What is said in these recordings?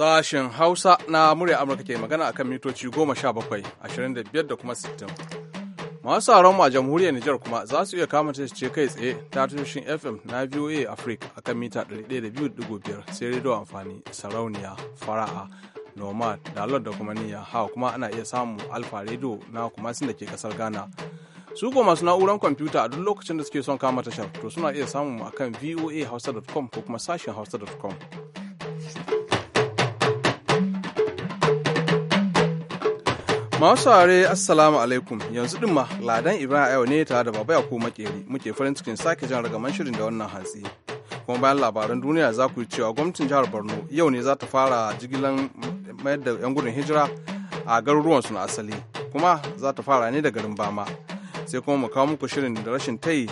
Sashen Hausa na murya Amurka ke magana akan mitoci goma sha bakwai ashirin da biyar da kuma sittin Masu sauran a jamhuriyar Nijar kuma za su iya kama ce kai tsaye ta tashoshin FM na VOA Africa akan mita ɗari 102.5 sai rediyo amfani sarauniya fara'a nomad dalar da kuma niyya hawa kuma ana iya samun alfa rediyo na kuma sun da ke kasar Ghana. Su ko masu na'uran kwamfuta a duk lokacin da suke son kama tashar to suna iya samun akan hausa.com ko kuma sashen hausa.com. Masu saurare Assalamu alaikum yanzu din ma Ladan Ibrahim yau ne tare da Baba ko Makeri muke farin cikin sake jan ragaman shirin da wannan hantsi. Kuma bayan labaran duniya za ku yi cewa gwamnatin jihar Borno yau ne za ta fara jigilan mayar da 'yan gudun hijira a garuruwan su na asali kuma za ta fara ne da garin Bama. Sai kuma mu kawo muku shirin da rashin tai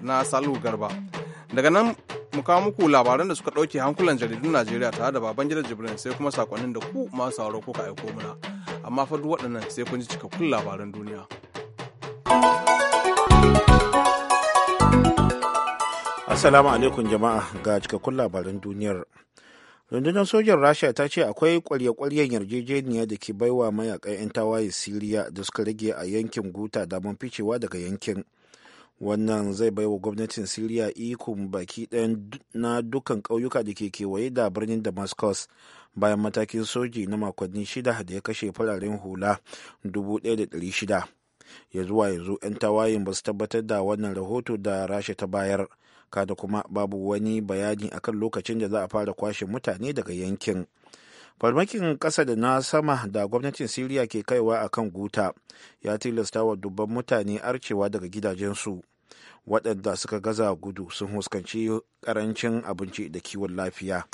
na Salihu Garba. Daga nan mu kawo muku labaran da suka ɗauke hankulan jaridun Najeriya tare da gidan Jibrin sai kuma sakonnin da ku masu sauraro kuka aiko muna. amma fa duk waɗannan sai kun ji cikakkun labaran duniya. Assalamu alaikum jama'a ga cikakkun labaran duniyar. rundunar sojan rasha ta ce akwai kwarye-kwaryen yarjejeniya da ke baiwa mayakan 'yan tawaye siriya da suka rage a yankin guta damar ficewa daga yankin wannan zai bai wa gwamnatin siriya ikon baki ɗayan na dukkan ƙauyuka da ke kewaye da birnin damascus bayan matakin soji na makonni shida da ya kashe fararen hula 1,600 ya zuwa yanzu 'yan tawayin ba su tabbatar da wannan rahoto da rasha ta bayar kada kuma babu wani bayani akan lokacin da za a fara kwashe mutane daga yankin farmakin ƙasa da na sama da gwamnatin siriya ke kaiwa a kan guta ya tilasta wa dubban mutane arcewa daga gidajensu waɗanda suka gaza gudu sun huskanci ƙarancin abinci da kiwon lafiya.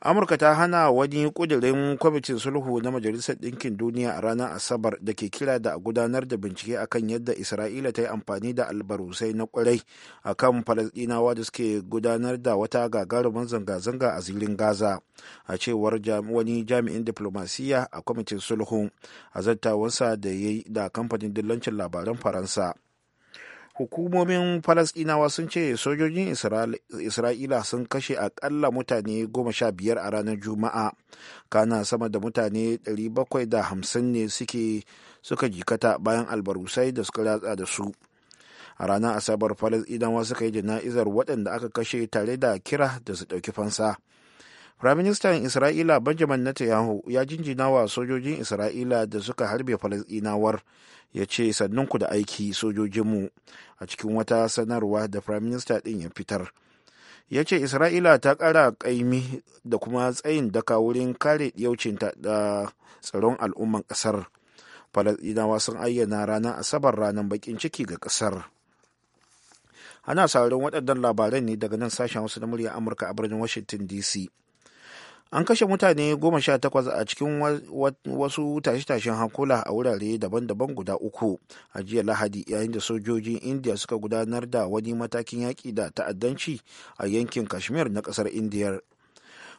amurka ta hana wani kudirin kwamitin sulhu na majalisar ɗinkin duniya a ranar asabar da ke kira da a gudanar da bincike akan yadda isra'ila ta yi amfani da albarusai na kwarai a kan falasɗinawa da suke gudanar da wata gagarumin zanga-zanga a zirin gaza a cewar wani jami'in diplomasiya a kwamitin sulhu a zartawarsa da ya yi da kamfanin dillancin labaran faransa hukumomin falasɗinawa sun ce sojojin isra'ila sun kashe akalla mutane goma sha biyar a ranar juma'a kana sama da mutane 750 ne suke suka jikata bayan albarusai da suka ratsa da su a ranar asabar falasɗinawa suka yi jana'izar waɗanda aka kashe tare da kira da su ɗauki fansa Firaministan Isra'ila Benjamin Netanyahu ya jinjina wa sojojin Isra'ila da suka harbe Falasɗinawar ya ce sannunku da aiki sojojinmu a cikin wata sanarwa da firaminista ɗin ya fitar. Ya ce Isra'ila ta ƙara ƙaimi da kuma tsayin daka wurin kare yaucinta da tsaron al'umman ƙasar. Falasɗinawa sun ayyana ranar Asabar ranar baƙin ciki ga ƙasar. Ana sauraron waɗannan labaran ne daga nan sashen wasu na murya Amurka a birnin Washington DC. an kashe mutane goma sha takwas a cikin wasu tashe-tashen hankula a wurare daban-daban guda uku a jiya lahadi yayin da sojojin india suka gudanar da wani matakin yaƙi da ta'addanci a yankin kashmir na ƙasar indiyar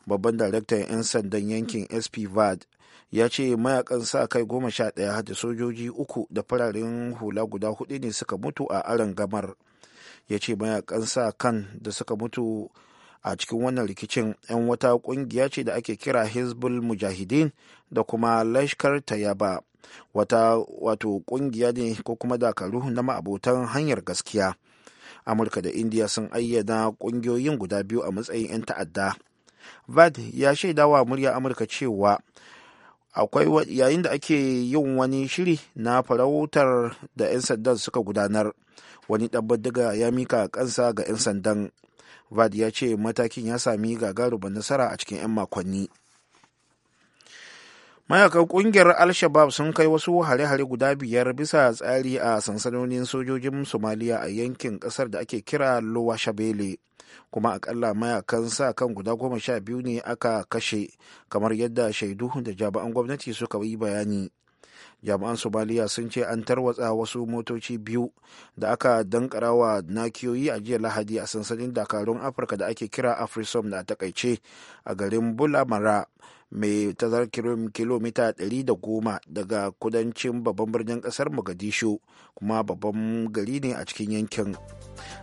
babban daraktan 'yan sandan yankin sp vad ya ce mayakan sa kai goma sha ɗaya da sojoji uku da fararen hula guda hudu ne suka mutu a aron gamar ya ce mayakan sa kan da suka mutu a cikin wannan rikicin 'yan wata kungiya ce da ake kira hezbol mujahideen da kuma lashkar tayaba wata wato kungiya ne ko kuma dakaru na ma'abotan hanyar gaskiya amurka da indiya sun ayyana kungiyoyin guda biyu a matsayin 'yan ta'adda vad ya shaida wa murya amurka cewa akwai yayin da ake yin wani shiri na farautar da 'yan sandan suka gudanar wani dabbar daga ya mika kansa ga 'yan sandan vad ya ce matakin ya sami gagarumin nasara a cikin 'yan makonni mayakan kungiyar al-shabab sun kai wasu hare-hare guda biyar bisa tsari a sansanonin sojojin somaliya a yankin kasar da ake kira lowa shabele kuma akalla mayakan sa kan guda goma sha biyu ne aka kashe kamar yadda shaidu da jami'an gwamnati suka yi bayani jami'an somaliya sun ce an tarwatsa wasu motoci biyu da aka dankarawa nakiyoyi a jiya lahadi a sansanin dakarun afirka da ake kira afrisom na takaice a garin bulamara mai tazar kilomita 110 daga kudancin babban birnin kasar mogadishu kuma babban gari ne a cikin yankin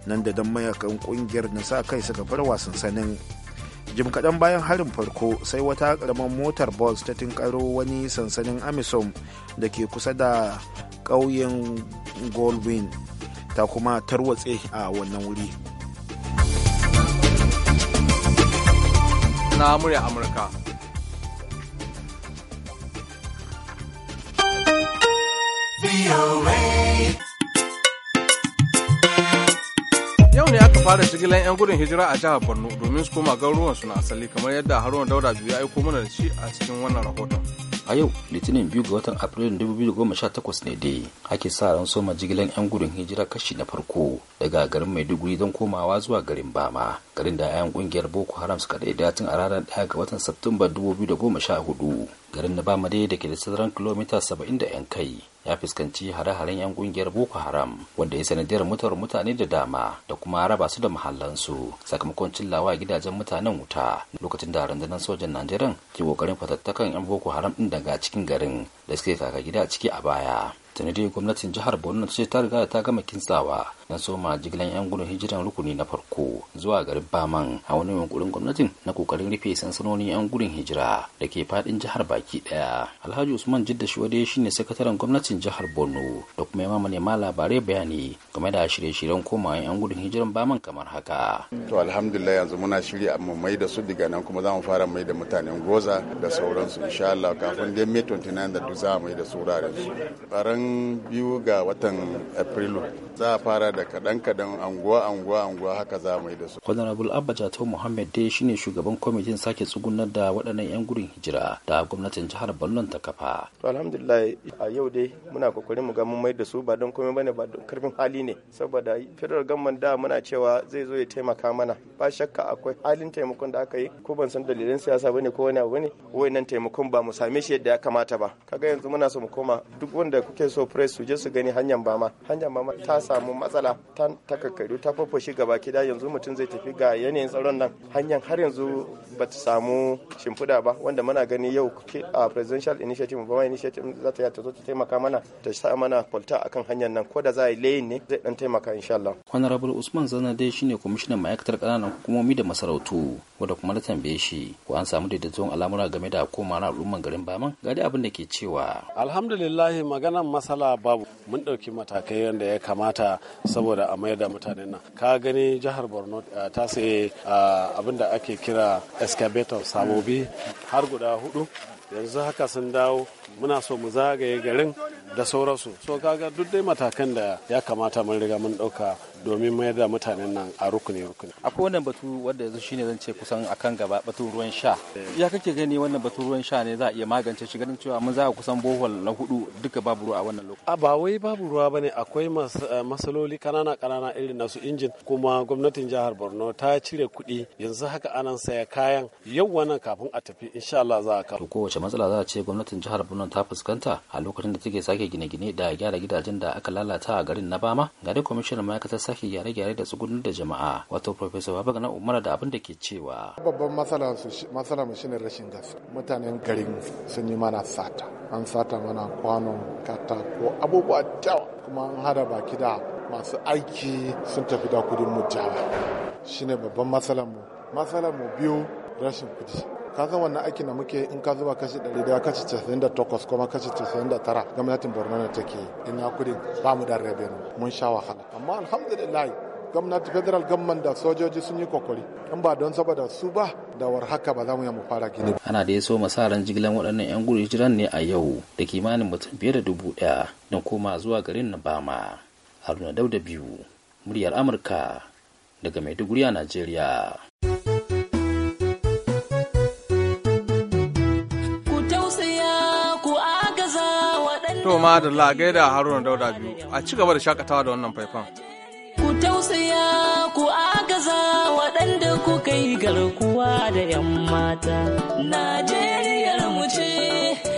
nan da don mayakan kungiyar na sa kai suka bar wasan sanin jim kaɗan bayan harin farko sai wata ƙaramin motar bus ta tinkaro wani sansanin amisom da ke kusa da ƙauyen goldwyn ta kuma tarwatse a wannan wuri na murya amurka fara jigilan 'yan gudun hijira a jihar Borno domin su koma su na asali kamar yadda Haruna Dauda biyu ya aiko mana da shi a cikin wannan rahoton. a yau litinin biyu ga watan Afrilu 2018 ne dai ake sa ran soma jigilan 'yan gudun hijira kashi na farko daga garin maiduguri don komawa zuwa garin bama garin da 'yan kungiyar boko haram suka daida tun a ranar 1 ga watan satumba 2014 garin na bama dai da ke da sauran kilomita 70 'yan kai ya fuskanci hare-haren 'yan kungiyar boko haram wanda ya sanadiyar mutuwar mutane da dama da kuma raba su da mahallansu sakamakon cillawa gidajen mutanen wuta lokacin da rundunar sojan najeriya ke kokarin fatattakan 'yan boko haram ɗin daga cikin garin da suke kaka gida ciki a baya dai gwamnatin jihar borno ce ta riga ta gama kintsawa na soma jigilan yan gudun hijiran rukuni na farko zuwa garin baman a wani yunkurin gwamnatin na kokarin rufe sansanonin yan gudun hijira da ke fadin jihar baki daya alhaji usman jidda shiwade shine sakataren gwamnatin jihar borno da kuma ya manema labarai bayani game da shirye-shiryen komawa yan gudun hijiran baman kamar haka to alhamdulillah yanzu muna shirya mu mai da su diga nan kuma za mu fara mai da mutanen goza da sauransu insha Allah kafin dai May 29 da duk za mu mai da su wuraren biyu ga watan Afrilu. Za a fara da kaɗan-kaɗan anguwa-anguwa-anguwa haka za mu yi da su. Honorable Abba Jato Muhammad dai shine shugaban kwamitin sake tsugunar da waɗannan 'yan gurin hijira da gwamnatin jihar Borno ta kafa. To alhamdulillah a yau dai muna kokarin mu ga mun mai da su ba don komai bane ba don karfin hali ne saboda federal government da muna cewa zai zo ya taimaka mana ba shakka akwai halin taimakon da aka yi ko ban san dalilan siyasa bane ko wani abu bane wayannan taimakon ba mu same shi yadda ya kamata ba kaga yanzu muna so mu koma duk wanda kuke so press su je su gani hanyar bama hanyar bama ta samu matsala ta takakkaru ta fafashi gaba kida yanzu mutum zai tafi ga yanayin tsaron nan hanyar har yanzu ba ta samu shimfiɗa ba wanda muna gani yau a presidential initiative bama initiative za ta yata zo ta taimaka mana ta sa mana kwalta akan hanyar nan ko da za a yi layin ne zai dan taimaka insha Allah honorable Usman Zana dai shine kwamishinan ma'aikatar ƙananan hukumomi da masarautu wanda kuma na tambaye shi ko an samu daidaiton al'amura game da koma na al'umman garin Baman ga dai abin da ke cewa alhamdulillah maganan matsala babu mun ɗauki matakai yadda ya kamata saboda a mayar da mutanen nan ka gani jihar borno ta sai abin da ake kira excavator sabobi har guda hudu yanzu haka sun dawo muna so mu zagaye garin da sauransu so kaga duk dai matakan da ya kamata mun riga mun dauka domin mayar da mutanen nan a rukuni rukuni akwai wannan batu wanda yanzu shine zan ce kusan akan gaba batun ruwan sha eh. ya kake gani wannan batun ruwan sha ne za a iya magance shi ganin cewa mun za kusan bohol na hudu duka babu ruwa a wannan lokaci a ba wai babu ruwa bane akwai eh, masaloli kanana kanana irin nasu injin kuma gwamnatin jihar Borno ta cire kuɗi yanzu haka anan saya kayan yau wannan kafin a tafi insha Allah za a kawo kowace matsala za a ce gwamnatin jihar Borno ta fuskanta a lokacin da take sake sake gine-gine da gyara gidajen da aka lalata a garin na bama ga dai kwamishinan ma'aikatar sake gyare-gyare da tsugunin da jama'a wato professor babagana umara da abin da ke cewa babban matsala mu shine rashin gas mutanen garin sun yi mana sata an sata mana kwanon katako abubuwa dawa kuma an hada baki da masu aiki sun tafi da kudin mujaba shine babban matsalar mu matsalar mu biyu rashin kudi kaga wannan aikin da muke in ka zuba kashi 100 kashi 98 kuma kashi 99 gwamnatin borno na take ina kudin ba mu dan rabe mun sha wahala amma alhamdulillah gwamnati federal government da sojoji sun yi kokari in ba don saboda su ba da war haka ba za mu mu fara gini ana da ya so masaran jigilan waɗannan yan gudun jiran ne a yau da kimanin mutum biye da dubu daya don koma zuwa garin na bama haruna dauda biyu muryar amurka daga maiduguri a najeriya To ma da lagai da Haruna Dauda biyu a ci gaba da shakatawa da wannan faifan. Ku tausaya ku agaza waɗanda ku kai garkuwa da 'yan mata. Najeriyar mu ce,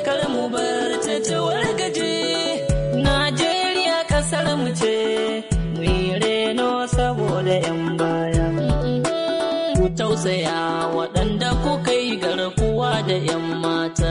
kar mu bar ta ta wargaje. Najeriya ƙasar mu ce, mu yi reno saboda 'yan baya. Ku tausaya waɗanda ku kai garkuwa da 'yan mata.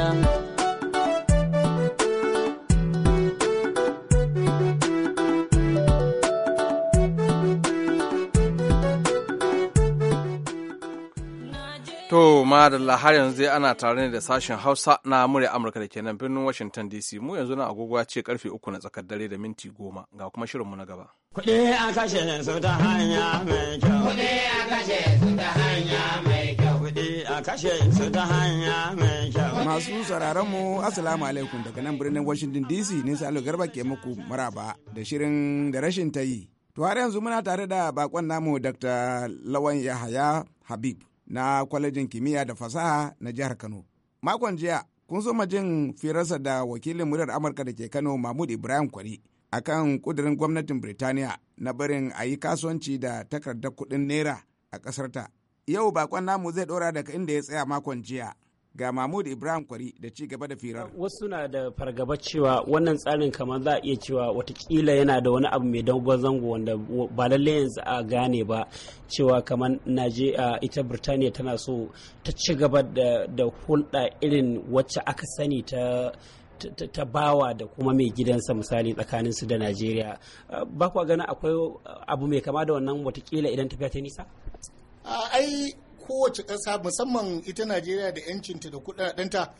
ma da har yanzu ana tare ne da sashen Hausa na murya Amurka da kenan birnin Washington DC mu yanzu na agogo ce karfe uku na tsakar dare da minti goma ga kuma shirinmu na gaba. Kuɗi a kashe su ta hanya mai kyau. Kuɗi a kashe su ta hanya mai kyau. Kuɗi a kashe su ta hanya mai kyau. Masu sauraron mu Assalamu alaikum daga nan birnin Washington DC ne Salo Garba ke muku maraba da shirin da rashin ta yi. To har yanzu muna tare da bakon namu Dr. Lawan Yahaya Habib. na kwalejin kimiyya da fasaha na jihar Kano. Makon jiya kun so jin firarsa da wakilin muryar Amurka da ke Kano Mahmud Ibrahim Kwari akan kudirin gwamnatin Birtaniya na barin a yi kasuwanci da takardar kuɗin naira a ƙasarta. Yau bakon namu zai ɗora daga inda ya tsaya makon jiya. ga mahmud ibrahim kwari da ci gaba da firar wasu na da fargaba cewa wannan tsarin kamar za a iya cewa watakila yana da wani abu mai dangon zango wanda ba lalle yanzu a gane ba cewa kamar naje a ita birtaniya tana so ta ci gaba da hulɗa irin wacce aka sani ta ta bawa da kuma mai gidansa misali tsakanin su da najeriya ba kwa gana akwai abu mai kama da wannan watakila idan tafiya ta nisa kowace ƙasa musamman ita najeriya da 'yancinta da kudadenta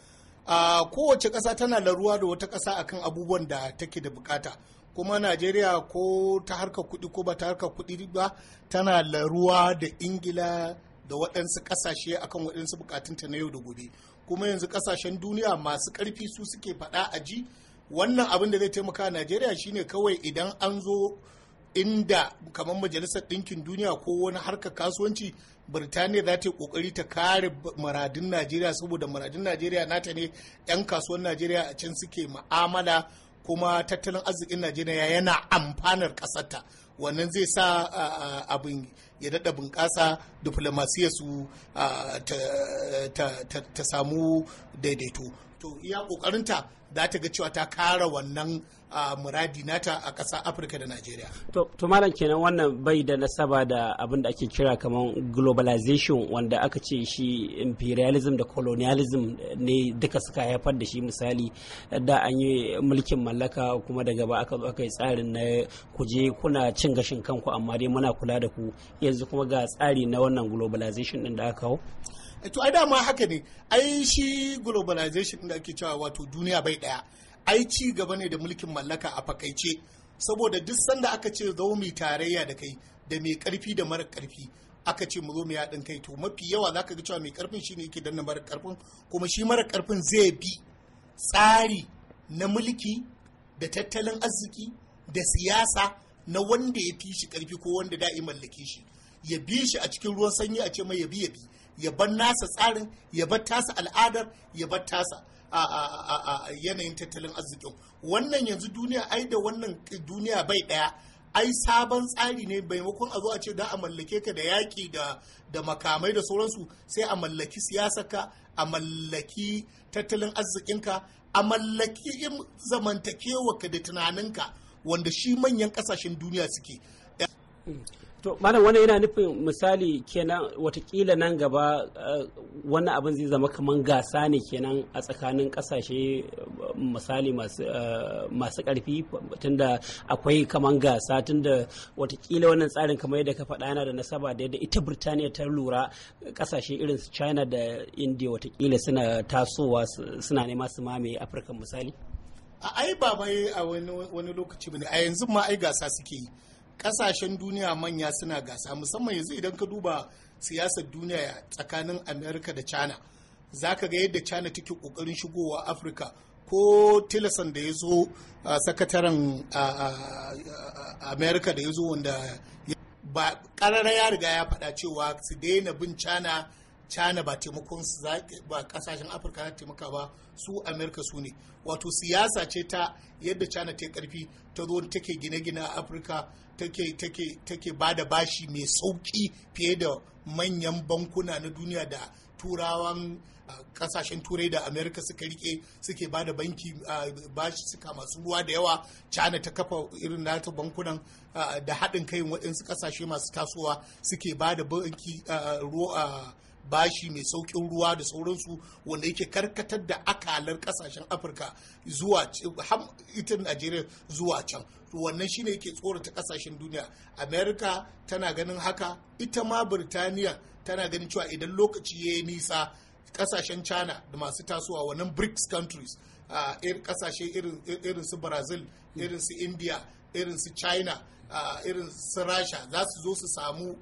a kowace ƙasa tana laruwa da wata ƙasa akan abubuwan da take da bukata kuma najeriya ko ta harka kuɗi ko ba ta harka kuɗi ba tana laruwa da ingila da waɗansu ƙasashe akan waɗansu bukatunta na yau da gobe kuma yanzu ƙasashen duniya masu ƙarfi su suke faɗa a ji wannan abin da zai taimaka a najeriya shine kawai idan an zo inda kamar majalisar ɗinkin duniya ko wani harkar kasuwanci birtaniya za ta yi kokari ta kare maradin najeriya saboda maradin najeriya nata ne yan kasuwan najeriya a can suke ma'amala kuma tattalin arzikin najeriya yana amfanar kasarta wannan zai sa abin ya daɗa bunƙasa diflomasiyar su ta samu daidaito to iya ƙoƙarinta za ta ga cewa ta kara wannan a muradi nata a ƙasa afirka da najeriya to malam kenan wannan bai da nasaba da abin da ake kira kamar globalization wanda aka ce shi imperialism da colonialism ne duka suka haifar da shi misali da an yi mulkin mallaka kuma daga ba aka yi tsarin na kuje kuna cin gashin kanku amma dai muna kula da ku yanzu kuma ga tsari na wannan globalization din da aka hau eh, to ai dama haka ne ai shi globalization da ake cewa wato duniya bai daya ai ci gaba ne da mulkin mallaka a fakaice saboda duk sanda aka ce zo mu tarayya da kai da mai karfi da mara karfi aka ce mu zo mu yaɗin kai to mafi yawa zaka ga cewa mai karfin shine yake danna mara karfin kuma shi mara karfin zai bi tsari na mulki da tattalin arziki da siyasa na wanda ya fi shi karfi ko wanda da'i mallake shi ya bi shi a cikin ruwan sanyi a ce mai ya bi ya bi ya bar nasa tsarin ya bar tasa al'adar ya bar tasa a yanayin tattalin arzikin wannan yanzu duniya ai da wannan duniya bai daya ai sabon tsari ne maimakon a zo a ce da a mallake ka da yaƙi da makamai da sauransu sai a mallaki siyasarka a mallaki tattalin arzikinka a mallaki zamantakewarka da tunaninka wanda shi manyan ƙasashen duniya suke hmm. to mana wani yana nufin misali kenan watakila nan gaba eh, wannan abin zai zama kamar gasa ne kenan a tsakanin kasashe misali masu karfi eh, tunda akwai kamar gasa tunda watakila wannan tsarin kamar yadda ka faɗa yana da nasaba da yadda ita birtaniya ta lura kasashe irin su china da india watakila suna tasowa suna nema su mamaye afirka misali a ai ba mai a wani lokaci ba ne a yanzu ma ai gasa suke yi kasashen duniya manya suna gasa musamman yanzu idan ka duba siyasar duniya tsakanin america da china za ka ga yadda china take kokarin shigowa afirka ko tilasan da ya zo sakataren america da ya zo wanda ba karara ya riga ya faɗa cewa su daina bin china china ba taimakon ba kasashen afirka na taimaka ba su amerika su ne wato siyasa ce ta yadda china ta karfi ta zo take gine-gine a afirka take ba da bashi mai sauki fiye da manyan bankuna na duniya da turawan kasashen turai da amerika suka rike suke ba da banki bashi suka masu ruwa da yawa china ta kafa irin nata bankunan da haɗin kai waɗansu kasashe masu tasowa suke ba da banki bashi mai saukin ruwa da sauransu wanda yake karkatar da akalar kasashen afirka zuwa ita najeriya zuwa can wannan shine yake tsorata kasashen duniya Amerika tana ganin haka ita ma birtaniya tana ganin cewa idan lokaci ya yi nisa kasashen china da masu tasowa wannan brics countries kasashe irin su brazil irin su india irin su china irin su rasha za su zo su samu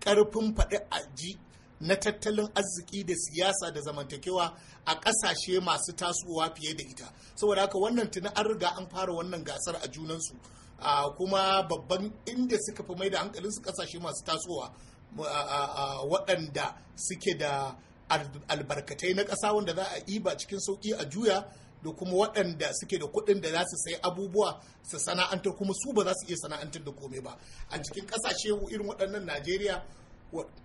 karfin faɗi a ji na tattalin arziki da siyasa da zamantakewa a ƙasashe masu tasowa fiye da ita saboda haka wannan tuni an riga an fara wannan gasar a junansu kuma babban inda suka fi mai da su ƙasashe masu tasowa waɗanda suke da albarkatai na ƙasa wanda za a iba cikin sauƙi a juya da kuma waɗanda suke da kuɗin da za su sayi abubuwa su sana'antar kuma su ba za su iya sana'antar da komai ba a cikin ƙasashe irin waɗannan najeriya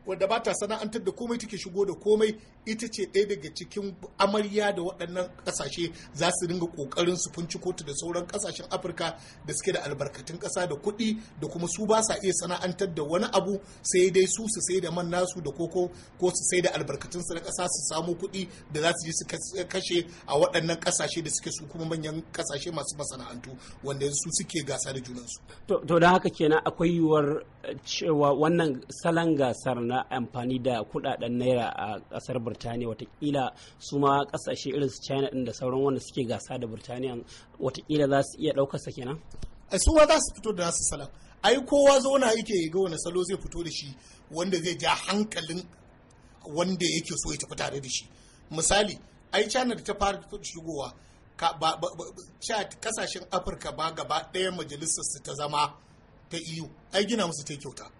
wadda ba ta sana'antar da komai take shigo da komai ita ce ɗaya daga cikin amarya da waɗannan ƙasashe za su ringa ƙoƙarin su funci kotu da sauran ƙasashen afirka da suke da albarkatun ƙasa da kuɗi da kuma su ba sa iya sana'antar da wani abu sai dai su su sai da man nasu da koko ko su sai da albarkatun su na ƙasa su samu kuɗi da za su je su kashe a waɗannan ƙasashe da suke su kuma manyan ƙasashe masu masana'antu wanda su suke gasa da junansu. to don haka kenan akwai yiwuwar cewa wannan salon gasar na amfani da kuɗaɗen naira a ƙasar burtaniya watakila su ma kasashe irin su china din da sauran wanda suke gasa da burtaniya watakila za su iya ɗaukarsa kenan su ma za su fito da nasu salam. ai kowa zauna yake ga wani salo zai fito da shi wanda zai ja hankalin wanda yake so ya tafi tare da shi misali ai china da ta fara shigowa kasashen afirka ba gaba ɗaya majalisar su ta zama ta iyo e ai gina musu ta kyauta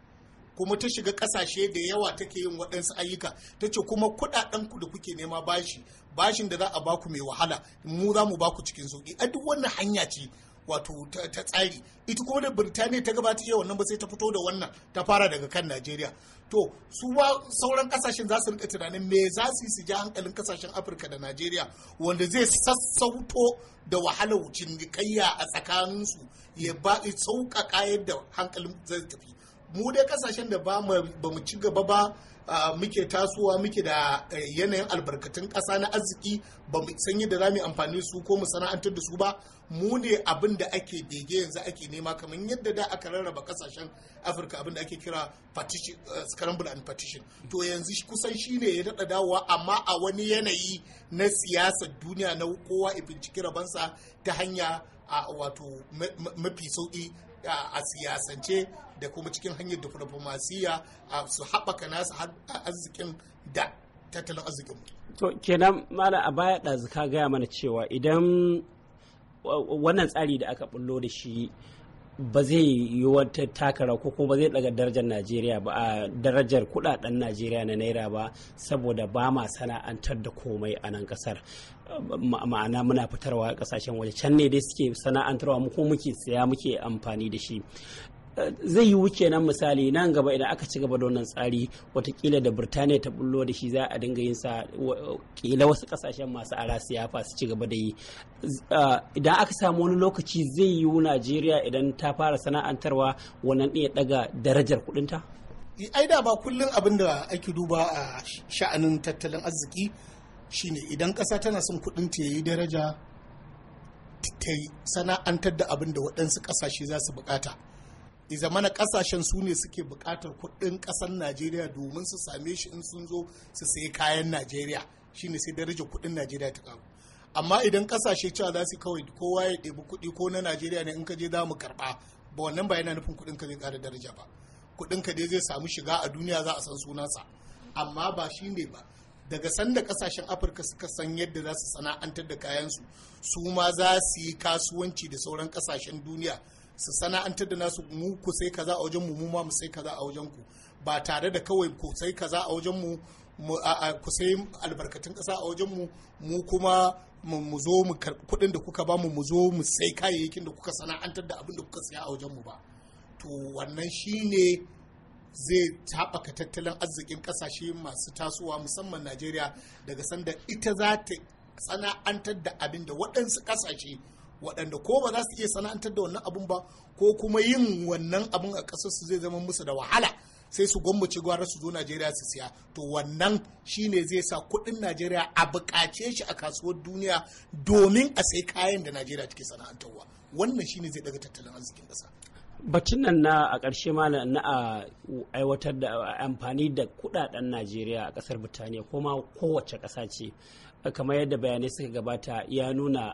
kuma ta shiga kasashe da yawa take yin waɗansu ayyuka ta ce kuma kuɗaɗen ku da kuke nema bashi bashin da za a baku mai wahala mu za mu baku cikin sauki a duk wannan hanya ce wato ta tsari ita kuma da birtaniya ta gabata iya nan ba sai ta fito da wannan ta fara daga kan najeriya to su ba sauran kasashen za su rika tunanin me za su yi su ja hankalin kasashen afirka da najeriya wanda zai sassauto da wahalar cinikayya a tsakaninsu ya ba sauƙaƙa yadda hankalin zai tafi mu dai kasashen da ba mu ci gaba ba muke tasowa muke da eh, yanayin albarkatun ƙasa na arziki ba mu san yadda za mu amfani su ko mu sana'antar da su ba mu ne abin da ake bege yanzu ake nema kamar yadda da aka rarraba kasashen afirka abin da ake kira eh, scramble and partition to yanzu kusan shi ne ya daɗa dawowa amma a wani yanayi na siyasar duniya na kowa ya binciki rabansa ta hanya a wato mafi sauƙi a siyasance da kuma cikin hanyar diflomasiya su haɓaka nasu arzikin da tattalin arzikin to kenan mana a baya ɗazu ka gaya mana cewa idan wannan tsari da aka bullo da shi ba zai yi wata takara ko kuma ba zai daga darajar najeriya ba a darajar kudaden najeriya na naira ba saboda ba ma sana'antar da komai a nan kasar ma'ana muna fitarwa kasashen waje can ne dai suke sana'antarwa mu ko muke siya muke amfani da shi zai yi wuce nan misali nan gaba idan aka ci gaba da wannan tsari watakila da birtaniya ta bullo da shi za a dinga yin sa kila wasu kasashen masu ara siyafa su ci gaba da yi ah, idan aka samu wani lokaci zai yi najeriya idan ta fara sana'antarwa wannan iya daga darajar kudinta ai da ba kullum abin da ake duba a sha'anin tattalin arziki shine idan kasa tana son kuɗin ta yi daraja ta sana'antar da abin da waɗansu kasashe za su buƙata zamana kasashen su ne suke bukatar kudin kasar najeriya domin su same shi in sun zo su sayi kayan najeriya shine sai darajar kudin najeriya ta karu amma idan kasashe cewa za su kawai kowa ya ɗebi kuɗi ko na najeriya ne in ka je za mu karɓa ba wannan ba yana nufin kuɗin ka zai ƙara daraja ba kuɗin ka dai zai samu shiga a duniya za a san sunansa amma ba shi ne ba daga sanda kasashen afirka suka san yadda za su sana'antar da kayansu su ma za su yi kasuwanci da sauran kasashen duniya su sana'antar da nasu mu ku sai kaza a wajen mu mu ma mu sai kaza a wajen ku ba tare da kawai ku sai kaza a wajen mu ku sai albarkatun kasa a wajen mu mu kuma mu zo mu karɓi kuɗin da kuka ba mu mu zo mu sai kayayyakin da kuka sana'antar da abin da kuka saya a wajen mu ba to wannan shine zai haɓaka tattalin arzikin ƙasashe masu tasowa musamman najeriya daga sanda ita za ta sana'antar da abin da waɗansu ƙasashe waɗanda ko ba za su iya sana'antar da wannan abun ba ko kuma yin wannan abun a ƙasar su zai zama musu da wahala sai su gwamnati gwara su zo najeriya su siya to wannan shine zai sa kuɗin najeriya a buƙace shi a kasuwar duniya domin a sai kayan da najeriya take sana'antarwa wannan shine zai daga tattalin arzikin ƙasa baccin nan na a ƙarshe malam na aiwatar da amfani da kudaden najeriya a ƙasar birtaniya kuma kowace ƙasa ce kamar yadda bayanai suka gabata ya nuna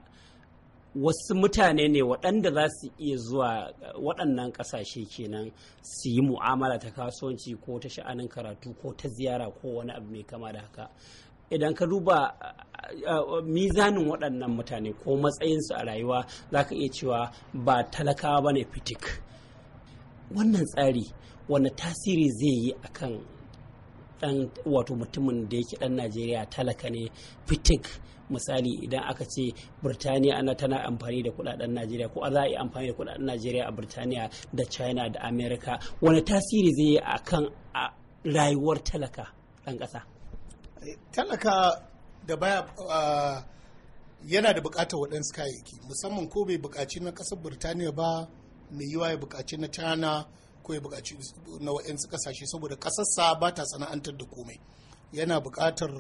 wasu mutane ne waɗanda za su iya zuwa eh, waɗannan ƙasashe kenan su yi mu'amala ta kasuwanci ko ta sha'anin karatu ko ta ziyara ko wani abu mai kama da haka idan ka duba eh, eh, mizanin waɗannan mutane ko matsayinsu a rayuwa za ka iya cewa ba talakawa ba ne fitik wannan tsari wani tasiri zai yi akan ɗan wato mutumin da yake ɗan najeriya talaka ne fitik misali idan aka ce birtaniya ana tana amfani da kudaden najeriya ko za a yi amfani da kudaden najeriya a birtaniya da china da america wani tasiri zai yi akan rayuwar talaka ɗan ƙasa talaka da baya yana da bukatar waɗansu kayayyaki musamman ko bai bukaci na ƙasar birtaniya ba mai yiwa ya bukaci na china ko ya bukaci na waɗansu ƙasashe saboda ƙasarsa ba ta sana'antar da komai yana bukatar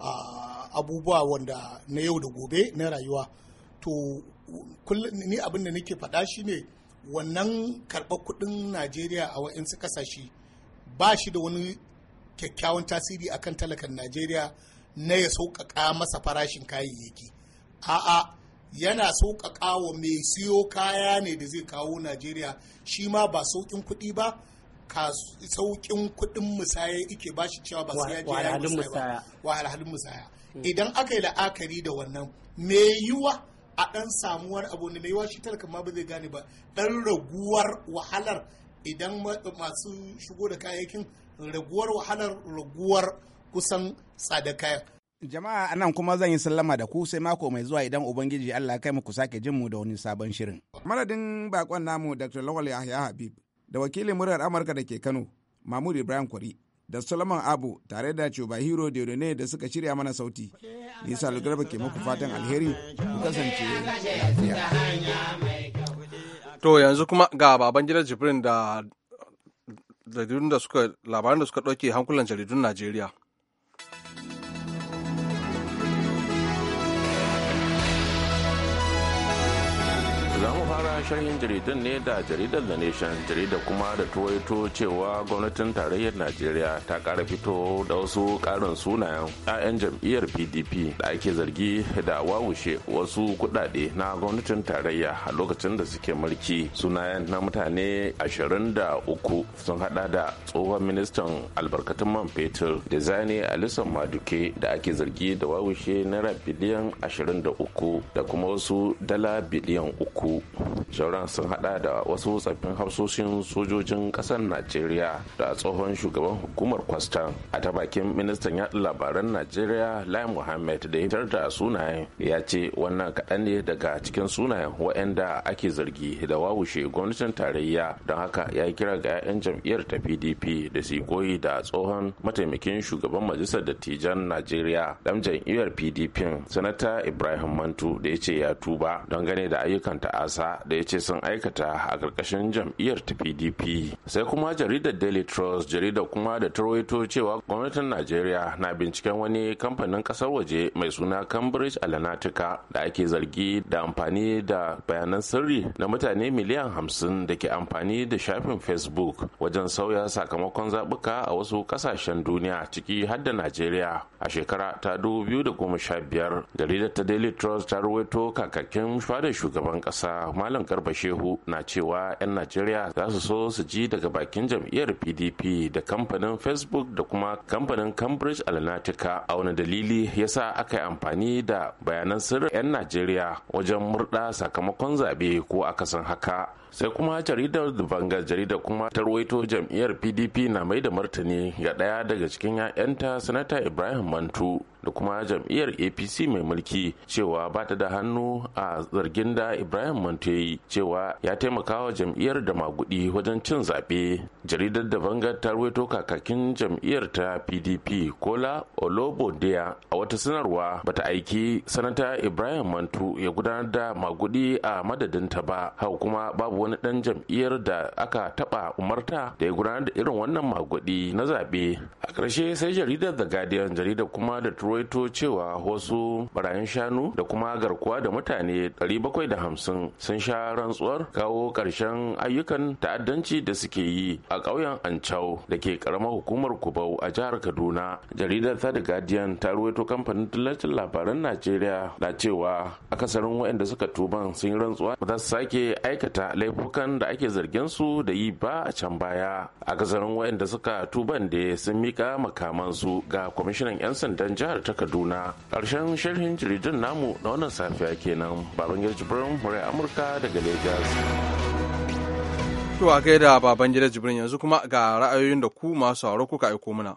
abubuwa wanda na yau da gobe na rayuwa to ni abin da nake faɗa shi ne wannan karɓar kuɗin najeriya a wa'insu ƙasashe ba shi da wani kyakkyawan tasiri akan talakan najeriya na ya sauƙaƙa masa farashin kayayyaki a'a yana sauƙaƙa wa mai siyo kaya ne da zai kawo najeriya shi ma ba sauƙin kuɗi ba sauƙin kuɗin musaya ike ba shi cewa ba su ya ya yi musaya ba musaya idan aka yi la'akari da wannan me yiwa a ɗan samuwar abu ne mai yiwa shi talaka ma ba zai gane ba ɗan raguwar wahalar idan masu shigo da kayayyakin raguwar wahalar raguwar kusan tsada kayan jama'a anan kuma zan yi sallama da ku sai mako mai zuwa idan ubangiji allah kai muku sake mu da wani sabon shirin madadin bakon namu dr lawal yahya habib da wakilin muryar amurka da ke kano mahmud ibrahim kwari da solomon abu tare da chubahiro diodone da suka shirya mana sauti nisa lugarba ke muku fatan alheri ku kasance lafiya to yanzu kuma ga baban gidan jibrin da jaridun da suka labaran da suka ɗauke hankulan jaridun najeriya za fara sharhin jaridan ne da jaridar The Nation Jaridar kuma da tuwaito cewa gwamnatin tarayyar Najeriya ta kara fito da wasu karin sunayen 'ya'yan jam'iyyar PDP da ake zargi da wawushe wasu kudade na gwamnatin tarayya a lokacin da suke mulki sunayen na mutane 23 sun hada da tsohon ministan albarkatun man fetur da zane alisan maduke da ake zargi da wawushe naira biliyan 23 da kuma wasu dala biliyan uku Shauran sun hada da wasu tsaffin hafsoshin sojojin kasar najeriya da tsohon shugaban hukumar Kwastan. a ta bakin ministan yaɗa labaran najeriya lai Mohammed, da hitar da sunayen ya ce wannan kaɗan ne daga cikin sunayen waɗanda ake zargi da wawushe gwamnatin tarayya don haka ya kira ga 'yan jam'iyyar ta pdp da su koyi da tsohon mataimakin shugaban majalisar dattijan najeriya dan jam'iyyar pdp sanata ibrahim mantu da ya ce ya tuba don gane da ayyukan ta'asa da ya ce sun aikata a ƙarƙashin jam'iyyar ta pdp sai kuma jaridar daily trust jaridar kuma da ta rawaito cewa gwamnatin najeriya na binciken wani kamfanin ƙasar waje mai suna cambridge alanatika da ake zargi da amfani da bayanan sirri na mutane miliyan hamsin da ke amfani da shafin facebook wajen sauya sakamakon zaɓuka a wasu ƙasashen duniya ciki har da najeriya a shekara ta 2015 jaridar ta daily trust ta ruwaito kakakin fadar shugaban ƙasa malam garba shehu na cewa 'yan najeriya za su so su ji daga bakin jam'iyyar pdp da kamfanin facebook da kuma kamfanin cambridge analytica a wani dalili ya sa aka yi amfani da bayanan sirri 'yan najeriya wajen murda sakamakon zaɓe ko akasin haka sai kuma jaridar the vanguard jaridar kuma ta ruwaito jam'iyyar pdp na mai da martani ga ɗaya daga cikin 'ya'yanta sanata ibrahim mantu da kuma jam'iyyar apc mai mulki cewa ba ta da hannu a zargin da ibrahim mantu ya yi cewa ya taimaka wa jam'iyyar da magudi wajen cin zaɓe jaridar da vanguard ta ruwaito kakakin jam'iyyar ta pdp kola olobodea a wata sanarwa bata aiki sanata ibrahim mantu ya gudanar da magudi a madadinta ba hau kuma babu wani dan jam'iyyar da aka taba umarta da ya gudanar da irin wannan magwadi na zaɓe a ƙarshe sai jaridar the guardian jaridar kuma da turaito cewa wasu barayin shanu da kuma garkuwa da mutane 750 sun sha rantsuwar kawo ƙarshen ayyukan ta'addanci da suke yi a ƙauyen ancau da ke ƙaramar hukumar kubau a jihar kaduna jaridar ta the guardian ta ruwaito kamfanin tallacin labaran najeriya na cewa akasarin waɗanda suka tuban sun yi rantsuwa ba za su sake aikata laifin laifukan da ake zargin su da yi ba a can baya a gazarin wayanda suka tuban da sun mika makamansu ga kwamishinan 'yan sandan jihar ta kaduna ƙarshen sharhin jaridun namu na wannan safiya kenan babangida jibrin murai amurka daga lagos to a gaida babangida jibrin yanzu kuma ga ra'ayoyin da ku masu sauraro kuka aiko mana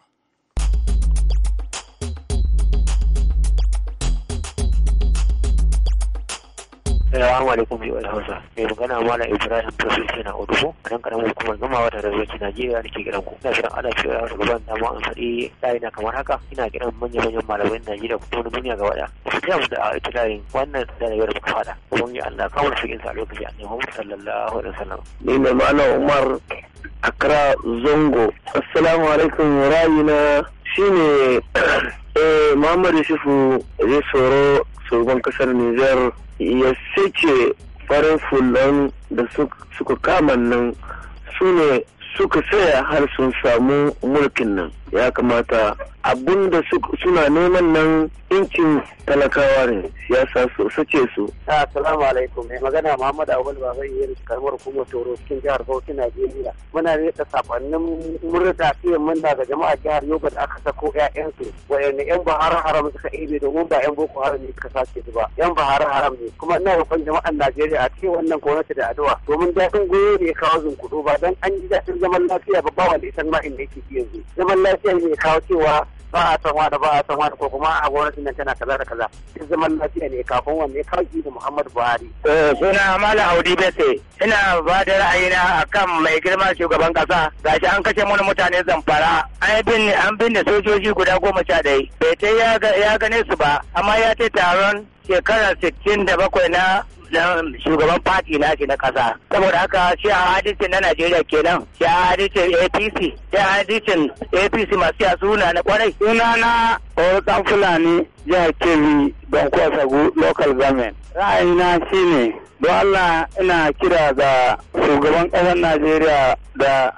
Assalamu alaikum mai Hausa. Mai magana Mala Ibrahim Profesa na Odubo, a nan karamin hukumar wata da Razoci Najeriya da ke gidan ku. Ina kiran Allah cewa daga ban dama an faɗi layi kamar haka. Ina kiran manya-manyan malamai Najeriya kuma na duniya gaba ɗaya. Ku fita mu da ita layin wannan na yau da muka faɗa. Kuma yi Allah kawo shi insa a lokaci a Muhammad sallallahu alaihi wasallam. Ni ne Malam Umar Akra Zongo. Assalamu alaikum rayina shine eh Muhammad Yusufu zai tsoro shugaban kasar Nijar ya sace farin fulon da suka kama nan su ne suka saya har sun samu mulkin nan ya kamata abun da suna neman nan incin talakawa ne siyasa su sace su. Assalamu alaikum mai magana Muhammad Awal Baba Yeri karamar kuma Toro cikin jihar Bauchi Najeriya. Muna ne da sakonnin murda fiye mun daga jama'a jihar Yoga da aka sako ƴaƴansu wayanne ƴan Bahar Haram suka ibe domin ba ƴan Boko Haram ne suka sace su ba. Ƴan Bahar Haram ne kuma ina roƙon jama'an Najeriya a cikin wannan gwamnati da addu'a domin daɗin goyo ne ya kawo zunkuɗo ba dan an ji daɗin zaman lafiya ba ba wanda ya san ma inda yake yanzu. Zaman lafiya lafiya ne kawo cewa ba a san wani ba a san wani ko kuma a gwamnatin nan tana kaza da kaza duk zama lafiya ne kafin wanne kawo da Muhammadu Buhari. Eh, suna Mala Audi Bese ina ba da ra'ayina kan mai girma shugaban kasa gashi an kashe mana mutane zamfara an an bin da sojoji guda goma sha ɗaya bai ta ya gane su ba amma ya ce taron shekarar 67 na shugaban fati na shi na kasa saboda haka shi a na najeriya kenan shi a hadisin apc shi a hadisin apc masu suna na kwarai suna na orkan fulani jihar kebi don kwasagu local government ra'ayina shine don allah ina kira ga shugaban ƙasar najeriya da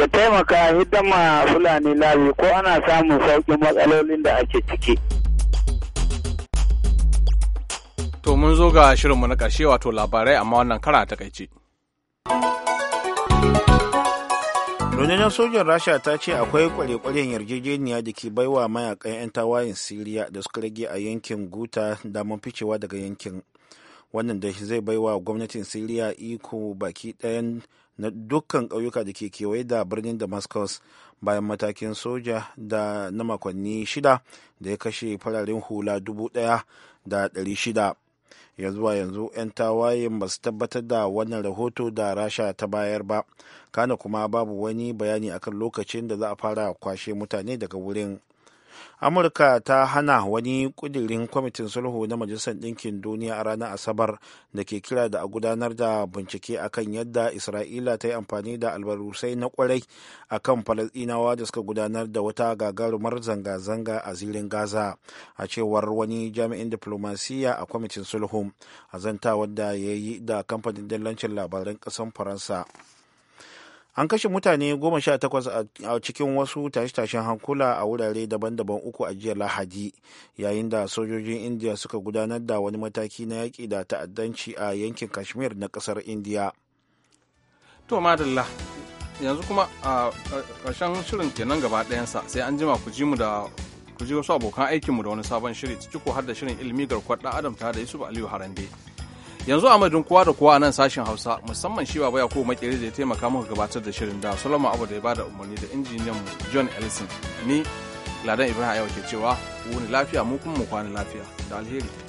ya taimaka hidama fulani labi ko ana samun sauƙin matsalolin da ake ciki. To mun zo ga shirinmu na ƙarshe wato labarai amma wannan kara takaice. rundunar sojan rasha ta ce akwai kwale-kwalen yarjejeniya da ke baiwa mayakan 'yan tawayen siriya da suka rage a yankin guta damar ficewa daga yankin wannan da zai baiwa gwamnatin siriya iko baki ɗayan na dukkan ƙauyuka da ke kewaye da birnin damascus bayan matakin soja da na makonni shida da ya kashe fararen hula dubu ɗaya da ɗari shida ya zuwa yanzu 'yan tawayen ba su tabbatar da wannan rahoto da rasha ta bayar ba kana kuma babu wani bayani akan lokacin da za a fara kwashe mutane daga wurin amurka ta hana wani kudirin kwamitin sulhu na majalisar ɗinkin duniya a ranar asabar da ke kira da a gudanar da bincike akan yadda isra'ila ta yi amfani da albarusai na kwarai akan falasɗinawa da suka gudanar da wata gagarumar zanga-zanga a zirin gaza a cewar wani jami'in diflomasiyya a kwamitin sulhu a zanta wadda ya yi da kamfanin dillancin labaran ƙasar faransa an kashe mutane goma sha takwas a cikin wasu tashe-tashen hankula a wurare daban-daban uku a jiya lahadi yayin da sojojin indiya suka gudanar da wani mataki na yaƙi da ta'addanci a yankin kashmir na ƙasar indiya. to madalla yanzu kuma a ƙarshen shirin kenan gaba ɗayansa sai an jima ku ji mu da ku ji wasu abokan aikinmu da wani sabon shiri ciki ko har da shirin ilimi garkuwar ɗan adam tare da yusuf aliyu harande yanzu a madadin kowa da kowa nan sashen hausa musamman shi baba ko makere da ya taimaka muka gabatar da shirin da solomon abu da ya bada umarni da injiniyan mu john ellison ni ladan ibrahim yau ke cewa wuni lafiya mu kuma mu kwana lafiya da alheri